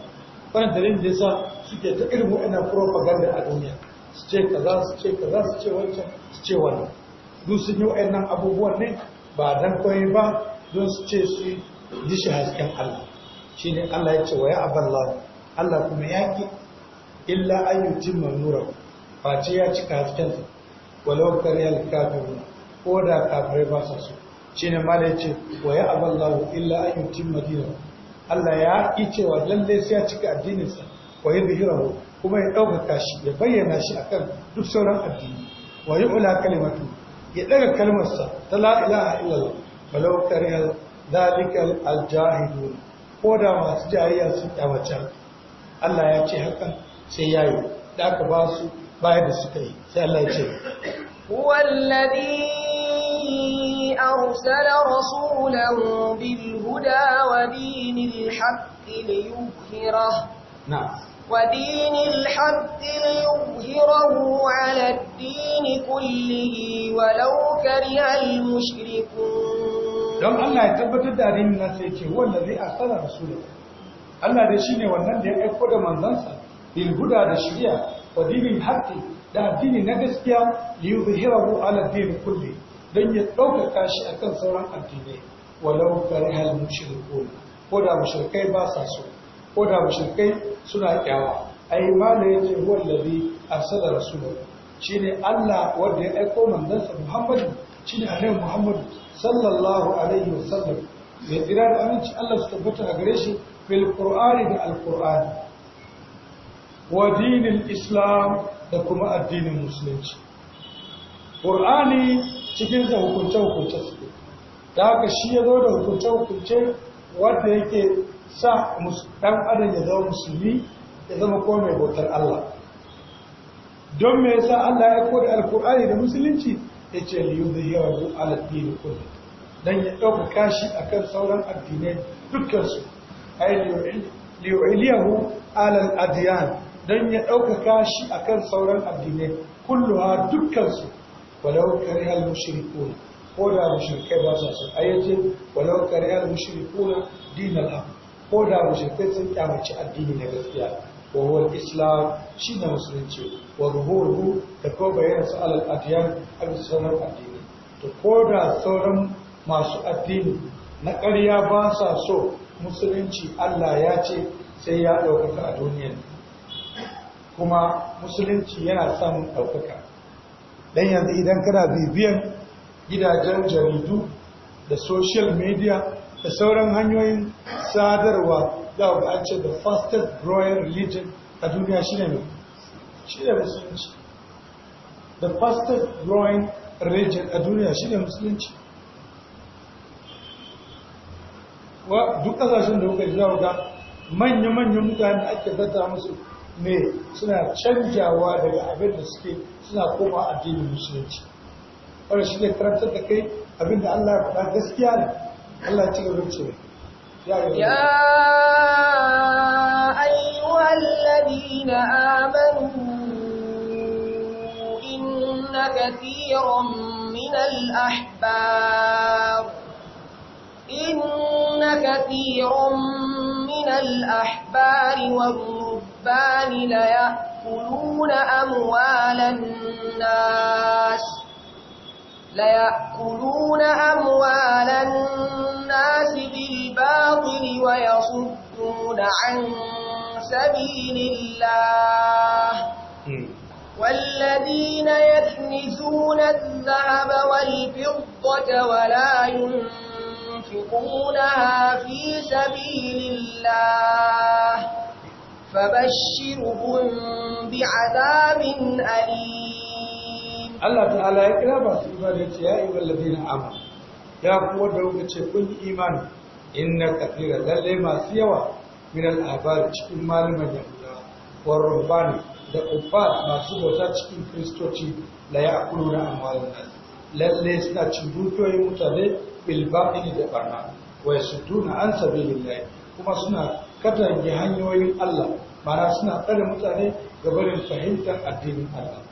wannan dalilin da yasa suke ta irin wa'annan propaganda a duniya su ce kaza su ce kaza su ce wancan su ce wannan duk sun yi nan abubuwan ne ba dan koyi ba don su ce su yi, shi hasken Allah shi ne Allah ya ce wa ya aballa Allah kuma ya ki illa an yi manura nura ce ya cika haskensa walau kariyar kafin ko da kafirai ba su so shi ne mala ya ce wa ya aballahu illa an yi jin nura Allah ya ki cewa lallai sai ya cika addininsa wa ya bihirahu kuma ya ɗaukaka shi ya bayyana shi akan duk sauran addini wa yi ula kalimatu ya ɗaga kalmarsa ta la ilaha illallah falau kariyar zalikal ko da masu jariya sun kyamace Allah ya ce hakan sai yayi da aka ba su baya da suka yi sai Allah ya ce wallazi arsala rasulahu bil huda wa dinil haqqi liyukhirahu na'am ودين الحق ليظهره على الدين كله ولو كره المشركون don Allah ya tabbatar da addinin nan sai ce wanda zai asala rasulun Allah dai shine wannan da ya aiko da manzansa bil huda da shari'a wa dinil haqqi da addini na gaskiya li yuzhirahu ala din kulli Don ya ɗaukaka shi akan sauran addinai walau karihal mushrikun ko da mushrikai ba sa so ko da mushrikai suna kyawa ai mala yake huwa allazi arsala rasulahu shine Allah wanda ya aiko manzansa Muhammad shine annabi Muhammadu sallallahu alaihi wasallam mai tsira da aminci Allah su tabbata a gare shi fil qur'ani da alqur'ani wa dinil islam da kuma addinin musulunci qur'ani cikin sa hukunce hukunce su da haka shi ya zo da hukunce hukunce wanda yake sa ɗan adam ya zama musulmi ya zama ko mai bautar Allah don me yasa Allah ya koda alkur'ani da musulunci ya ce liyu da yawa ala dini kullu dan ya dauka kashi akan sauran addinai dukkan su ay liyu'liyahu ala al-adyan dan ya dauka kashi akan sauran addinai kullu ha dukkan su walau kariha al mushrikuun ko da mushrike ba su ayyace walau kariha al mushrikuun dinal haqq ko da mushrikai sun kyamaci addini na gaskiya wa huwa islam shine musulunci wa zuhuruhu da ko bayyana su alal adiyan abin sauran addini to ko da sauran masu addini na ƙarya ba sa so musulunci Allah ya ce sai ya ɗaukaka a duniya. kuma musulunci yana samun ɗaukaka dan yanzu idan kana bibiyan gidajen jaridu da social media da sauran hanyoyin sadarwa za ga an ce the fastest growing religion a duniya shi ne shi ne musulunci the fastest growing religion a duniya shi ne musulunci wa duk kasashen da kuka yi za ga manya-manyan mutane ake zata musu ne suna canjawa daga abin da suke suna koma addinin musulunci wadda shi ne karantar da kai abin da Allah ya faɗa gaskiya ne يا أيها الذين آمنوا إن كثيرا من الأحبار إن كثيرا من الأحبار والربان ليأكلون أموال الناس ليأكلون أموال الناس بالباطل ويصدون عن سبيل الله والذين يكنزون الذهب والفضة ولا ينفقونها في سبيل الله فبشرهم بعذاب أليم Allah ta'ala ya kira ba su da ce ya yi wallafi na amma ya kuwa da wuka ce kun yi imani in na kafira lalle masu yawa min al'abar cikin malaman yahuda wa rubani da kuffar masu bauta cikin kristoci da ya akulu na amma nan lalle suna cin dukiyoyin mutane bilbaɗi da barna Wai su tuna an sabilillahi kuma suna katange hanyoyin Allah mana suna tsare mutane gabanin fahimtar addinin Allah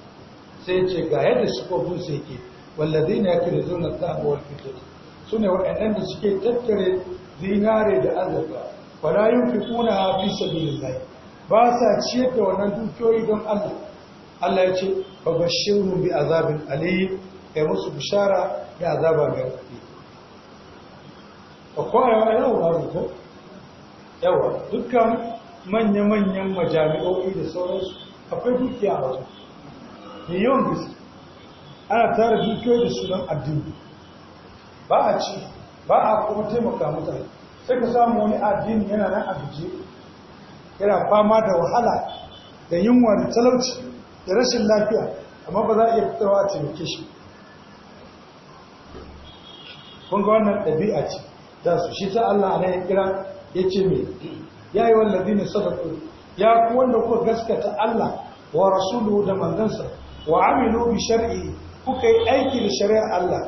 sai ce ga yadda sifofin su yake wallazi ne yake rizo na zaɓa fitar su ne waɗannan da suke tattare zinare da azurfa fara yin fituna fi da zai ba sa ciyar da wannan dukiyoyi don allah allah ya ce ba bashirun bi azabin aliyu ya musu bishara da azaba mai rafi akwai yawa rubutu yawa dukkan manya-manyan majami'o'i da sauransu akwai dukiya a wajen mai yawan gaske ana tara dukiyoyi da sunan addini ba a ci ba a kuma taimaka mutane sai ka samu wani addini yana nan a yana fama da wahala da yunwa da talauci da rashin lafiya amma ba za a iya fitarwa a taimake shi kun ga wannan ɗabi'a ce da su shi ta Allah a ya kira ya ce mai ya yi wallazi ne sadaku ya ku wanda kuka gaskata Allah wa rasulu da manzansa wa aminu bi shar'i kuka yi aiki da shari'ar Allah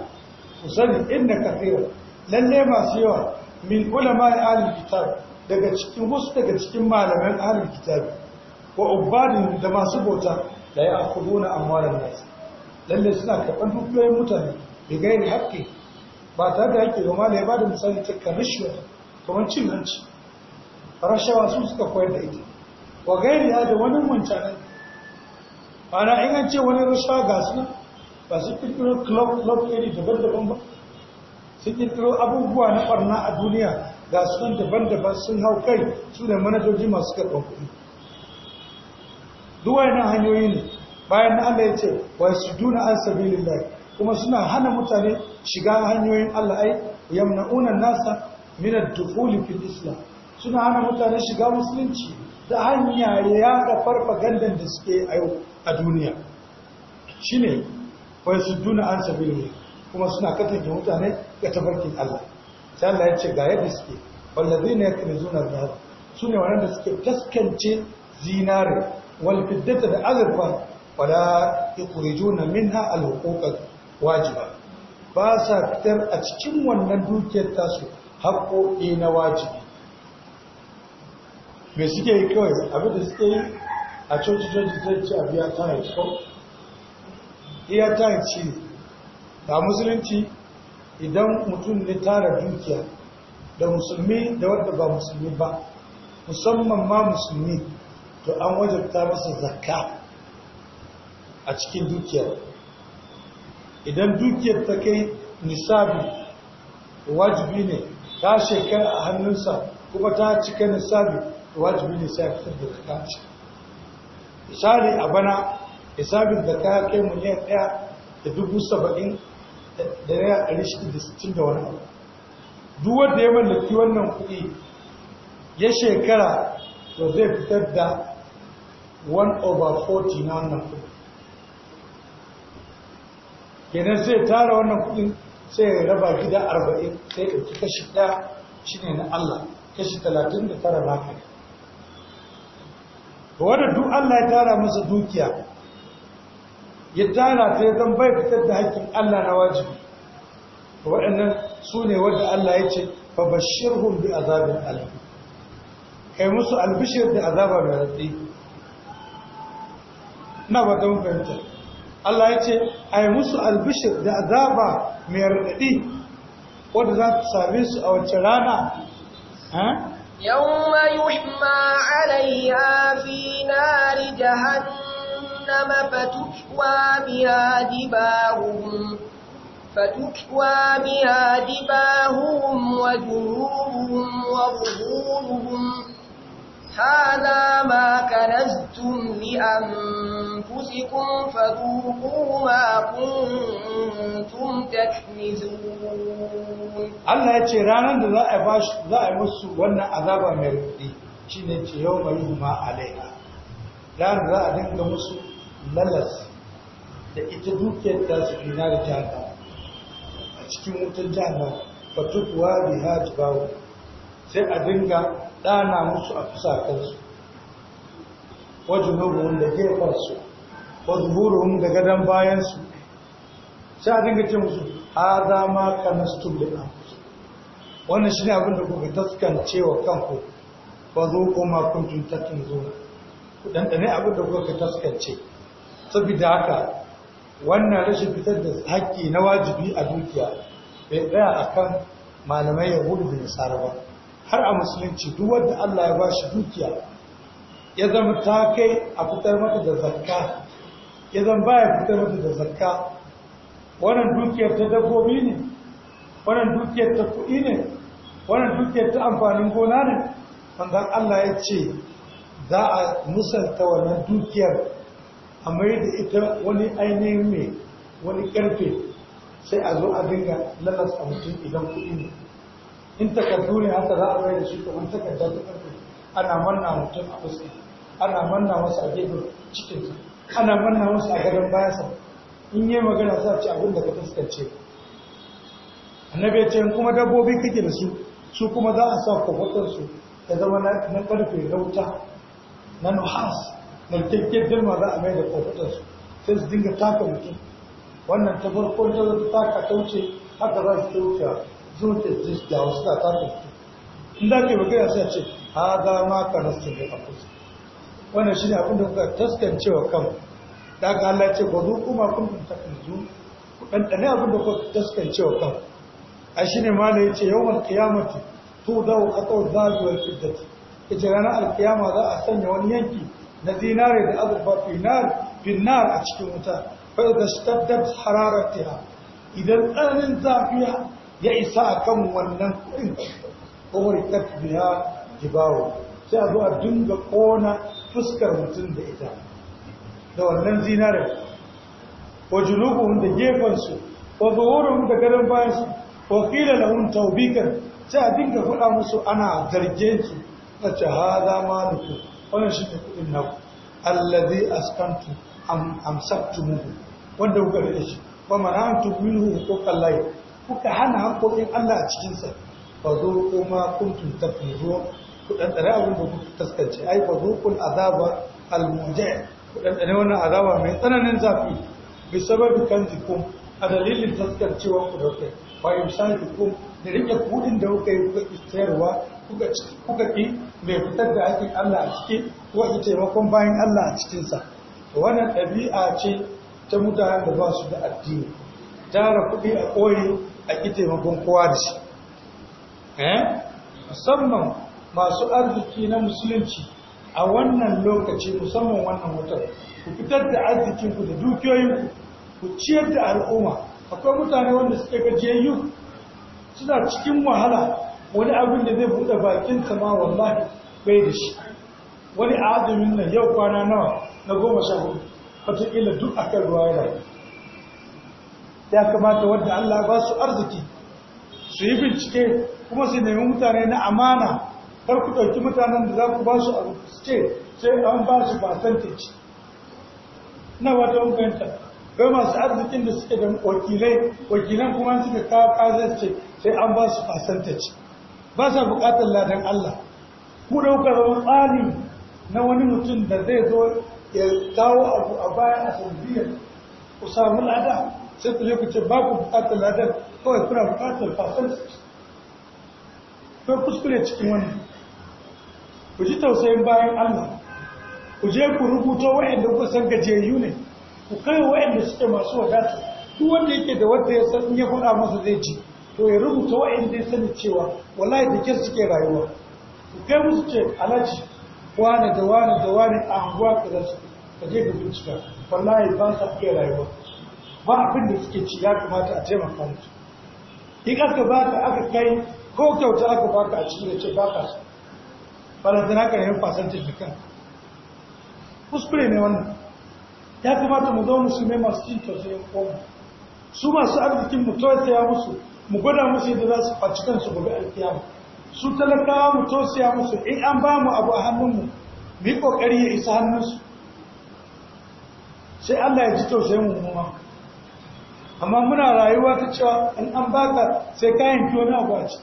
ku sani inda kafira lalle masu yawa min ulama ahlul kitab daga cikin wasu daga cikin malaman ahlul kitab wa ubadin da masu bauta da ya akhuduna amwalan nas lalle suna karban dukiyoyin mutane bi gairi haƙƙi ba tare da haƙƙi ba ya ba da misali ta karishwa kamar cin hanci rashawa su suka koyar da ita wa gairi da wani wancan. ana ingance wani rusha ga su ba su kirkiro club club iri daban-daban ba su kirkiro abubuwa na ɓarna a duniya ga su nan daban-daban sun hau kai su da manajoji masu karɓar kuɗi na hanyoyi ne bayan na Allah ya ce wa su duna an sabilin kuma suna hana mutane shiga hanyoyin Allah ai yamna'una nasa min ad-dukhuli fil islam suna hana mutane shiga musulunci da hanyar farfa gandan da suke a a duniya shine wai su duna an ne kuma suna katange mutane ga tabarkin Allah sai Allah ya ce ga yadda suke da Su su ne wanda suke taskance zinare wal fiddata da azurfa wala yukhrijuna minha al huquqa wajiba ba sa fitar a cikin wannan dukiyar tasu haƙoƙi na wajibi me suke yi kawai abinda da suke yi a 2023 abu ya tayin ko iya tayin ci Ba musulunci idan mutum ne tara dukiya da musulmi da wadda ba musulmi ba musamman ma musulmi to an wajabta masa zakka a cikin dukiyar idan dukiyar ta kai nisabi wajibi ne ta shekara a hannunsa kuma ta cika nisabi wajibi ne sai a fitar da zakka misali a bana hisabin da ka kai miliyan ɗaya da dubu saba'in da naira ɗari shida da sittin da wani abu duk wanda ya mallaki wannan kuɗi ya shekara to zai fitar da 1 over 40 na wannan kuɗi kenan zai tara wannan kuɗin sai ya raba gida arba'in sai ya ɗauki kashi ɗaya shine na Allah kashi talatin da tara na kai wanda duk Allah ya tara masa dukiya ya tara ta ya zan bai fitar da haƙƙin Allah na wajibi waɗannan su ne wanda Allah ya ce fa bashirhum bi azabin alim kai musu albishir da azaba mai ratsi na ba ta fahimta Allah ya ce a yi musu albishir da azaba mai raɗaɗi wadda za ta same su a wacce rana eh? يوم يحمى عليها في نار جهنم فتكوى بها دباهم فتكوى بها دباهم وجنوبهم وظهورهم هذا ما كنزتم لأنفسكم فذوقوا ما كنتم تكنزون الله يتشي رانان دا ذا باش ذا يمسو وانا عذابا مردي شين يتشي يوم يهما عليها رانا ذا دنگا مسو lalas da ita dukiyar tasu ina da jihar a cikin wutar jihar fatukuwa da hajji bawo sai a dinga ɗana musu a fusakarsu wajunubuhum da gefarsu wazuburuhum da gadon bayansu sai a dinga ce musu hadha ma kanastun li anfusikum wannan shine abin da kuka taskance wa kanku fa zuqu ma kuntum tatunzuna ku dandane abin da kuka taskance saboda haka wannan rashin fitar da haƙƙi na wajibi a dukiya bai tsaya akan malamai yahudu da nasara ba har a musulunci duk wanda Allah ya bashi dukiya ya zama ta kai a fitar mata da zakka ya zama baya fitar mata da zakka wannan dukiyar ta dabbobi ne wannan dukiyar ta kuɗi ne wannan dukiyar ta amfanin gona ne wanda Allah ya ce za a musanta wannan dukiyar a mai da ita wani ainihin mai wani karfe sai a zo a dinga lalata mutum idan kuɗi ne in takardu ne haka za a bayar da shi kamar takarda ta karfe ana manna mutum a fuska ana manna masa a gefen cikinsa ana manna masa a gadon bayansa in yi magana za ci abin da ka fuskance annabi ce kuma dabbobi kake da su su kuma za a sa kwakwatarsu ta zama na karfe rauta na nuhas na kyakkyar dirma za a mai da kwakwatarsu sai su dinga taka mutum wannan ta farko ta taka ta wuce haka za su ta wuce zo ke da wasu da ta tafi in da ke magana sai ce ha za ma ka nasu ne a kusa wannan shi ne abin da kuka taskance wa kanku da aka Allah ce kuma kun ma kun ta kanzu ku ɗanɗane abinda kuka taskance wa kanku a shi ne mala ya ce yawan kiyamati tu da wa kakau zaluwar fiddati ya ce ranar alkiyama za a sanya wani yanki na zinare da azurfa binar a cikin wuta fa da shtaddat hararatiha idan tsananin zafiya ya isa kan wannan kuɗin kawai tafiya jibawo sai a zo a dinga ƙona fuskar mutum da ita da wannan zinare wa junubuhum da gefansu wa zuhuruhum da gadon bayansu wa qila lahum taubikan sai a dinga faɗa musu ana zarge su a ce ma nufi wannan shi ne kuɗin naku allazi askantu am amsaktu muhu wanda kuka rike shi wa mana'antu minhu ko lahi kuka hana hankulin Allah a cikinsa ba zo kuma kuntun tafi ku dan tsare abin da kuka taskance ai ba zo kun azaba almuje ku dan tsare wannan azaba mai tsananin zafi bi sababi kan jikun a dalilin taskancewa ku da kai fa jikun da rike kudin da kuka yi kuka tsayarwa kuka ki mai fitar da hakin Allah a ciki ko ki taimakon bayan Allah a cikinsa wannan ɗabi'a ce ta mutanen da ba su da addini tara kuɗi a ƙoyi a ƙi taimakon kowa da shi eh? musamman masu arziki na musulunci a wannan lokaci musamman wannan watan, ku fitar da arzikinku da dukiyoyinku ku ciyar da al'umma akwai mutane wanda suke gajiyayyu suna cikin wahala wani abin da zai buɗe bakin sama wallahi bai da shi wani azumin nan yau kwana nawa na goma sha hudu wataƙila duk akan ruwa ya rayu ya kamata wadda Allah ba su arziki su yi bincike kuma su nemi mutane na amana kar ku ɗauki mutanen da za ku ba su a sai an ba su basantici na wata hukunta bai masu arzikin da suke da wakilai wakilan kuma suka kawo kazance sai an ba su basantici ba sa buƙatar ladan Allah ku ɗaukar tsari na wani mutum da zai zo ya kawo abu a bayan a sanadiyar ku samu lada sai ku je ku ce ba ku bukatar ladar kawai kuna bukatar fasar ko kuskure cikin wani. ku ji tausayin bayan Allah ku je ku rubuta wa'anda kuka san gajiyayyu ne ku kai wa'anda suke masu wadata duk wanda yake da wanda ya san ya faɗa masa zai ci to ya rubuta wa'anda ya sani cewa wallahi da kyar suke rayuwa ku kai musu ce alaji wane da wane da wane a anguwa kaza ka je ka bincika wallahi ba sa iya rayuwa ba abin da suke ci ya kamata a taimaka musu in aka baka aka kai ko kyauta aka baka a cikin da ce baka su balantana ka yi fasantin da kan kuskure ne wannan ya kamata mu zama musulmi masu cin tausayin koma su masu arzikin mu tausaya musu mu gwada musu yadda za su faci kansu gobe alkiyama su talakawa mu tausaya musu in an ba mu abu a hannunmu mu yi kokari ya isa hannunsu sai Allah ya ji tausayin mu mu amma muna rayuwa ta cewa in an baka sai kayan tuwo na abu a ci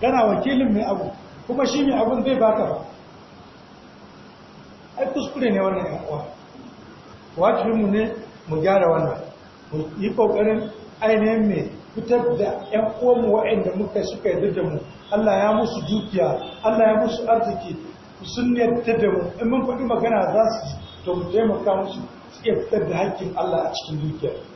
kana wakilin mai abu kuma shi mai abun zai baka ba ai kuskure ne wannan yawa mu ne mu gyara wannan mu yi kokarin ainihin mai fitar da ‘yan uwanmu waɗanda muka suka yi da mu, Allah ya musu dukiya, Allah ya musu arziki, sun yadda da mu, in mun faɗi magana za su to mu taimaka musu suke fitar da haƙƙin Allah a cikin dukiya.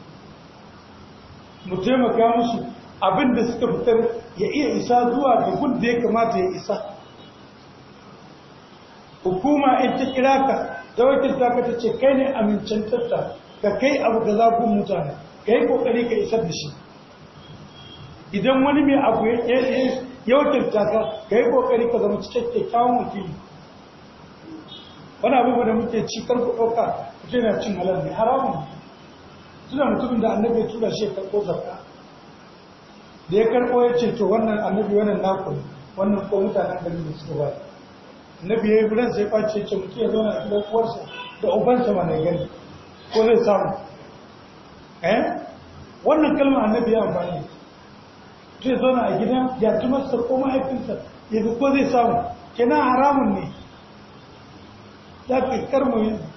mu taimaka musu abin da suka fitar ya iya isa zuwa da da ya kamata ya isa hukuma in ta kira ka ta wakilta ka ta ce kai ne amincantarta ka kai abu da zafin mutane ka yi kokari ka isar da shi idan wani mai abu ya wakilta ka ka yi kokari ka zama cikin kyakkyawan wakili wani abubuwa da muke ci karku ɗauka mutum cin halal ne haramun suna mutumin da annabi ya tura shi ya karɓo zakka da ya karɓo ya ce to wannan annabi wannan nakon wannan ko mutanen gari da suka bayar annabi ya yi biran sai kwace ce mutu ya zauna a gidan uwarsa da ubansa na gani ko zai samu eh wannan kalma annabi ya amfani zai zauna a gidan ya tumarsa ko mahaifinsa ya ko zai samu kenan haramun ne ya fi kar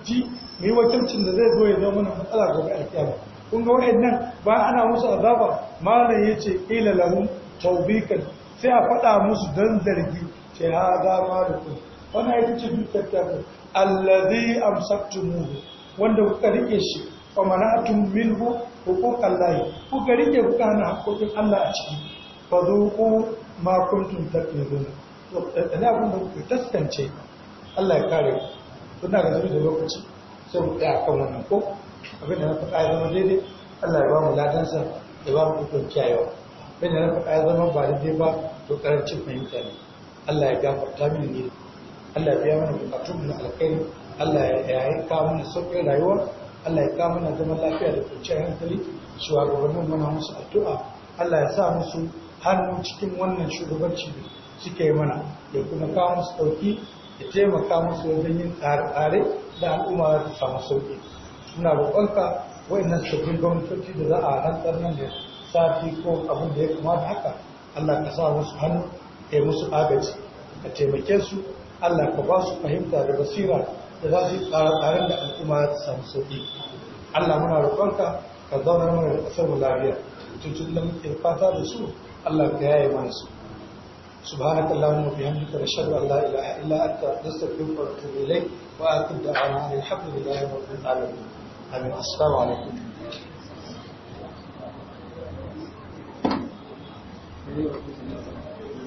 ji mu wakilcin da zai zo ya zama mana matsala gobe ba? kun ga nan ba ana musu azaba malam ya ce ila lahum taubikan sai a faɗa musu don zargi ce ha za ma da ku wannan ita ce dukkan Allah ku amsaktu mu wanda kuka rike shi wa mana'atum minhu huquqan lahi kuka rike kuka hana Allah a ciki fa ma kuntum to kuma kuka taskance Allah ya kare ku kuna ga zuru da lokaci sai mu a kan wannan ko abinda da na faɗa ya zama daidai Allah ya ba mu ladansa ya ba mu ikon kiyayewa abin da na faɗa ya zama ba daidai ba to karancin fahimta ne Allah ya gafarta mini ne Allah ya biya mana bukatun mu na Allah ya yi kawo mana sauƙin rayuwa Allah ya kawo mana zaman lafiya da kwanciyar hankali shugabannin mana musu addu'a Allah ya sa musu hannu cikin wannan shugabanci suke mana ya kuma kawo musu ɗauki ya taimaka musu wajen yin tsare-tsare da al'umma da su samu sauƙi muna roƙonka wa'annan sabbin gwamnatoci da za a hantar nan da sati ko abin da ya kamata haka Allah ka sa musu hannu ka musu agaji ka taimake su Allah ka ba su fahimta da basira da za su yi tsare-tsaren da al'umma za samu sauƙi Allah muna roƙonka ka zaunar mana da ƙasar mu lafiya cututtukan da muke fata da su Allah ka yaye mana su سبحانك اللهم وبحمدك نشهد ان لا اله الا انت نستغفرك ونتوب اليك واخر دعوانا ان الحمد لله رب العالمين امين السلام عليكم Thank you.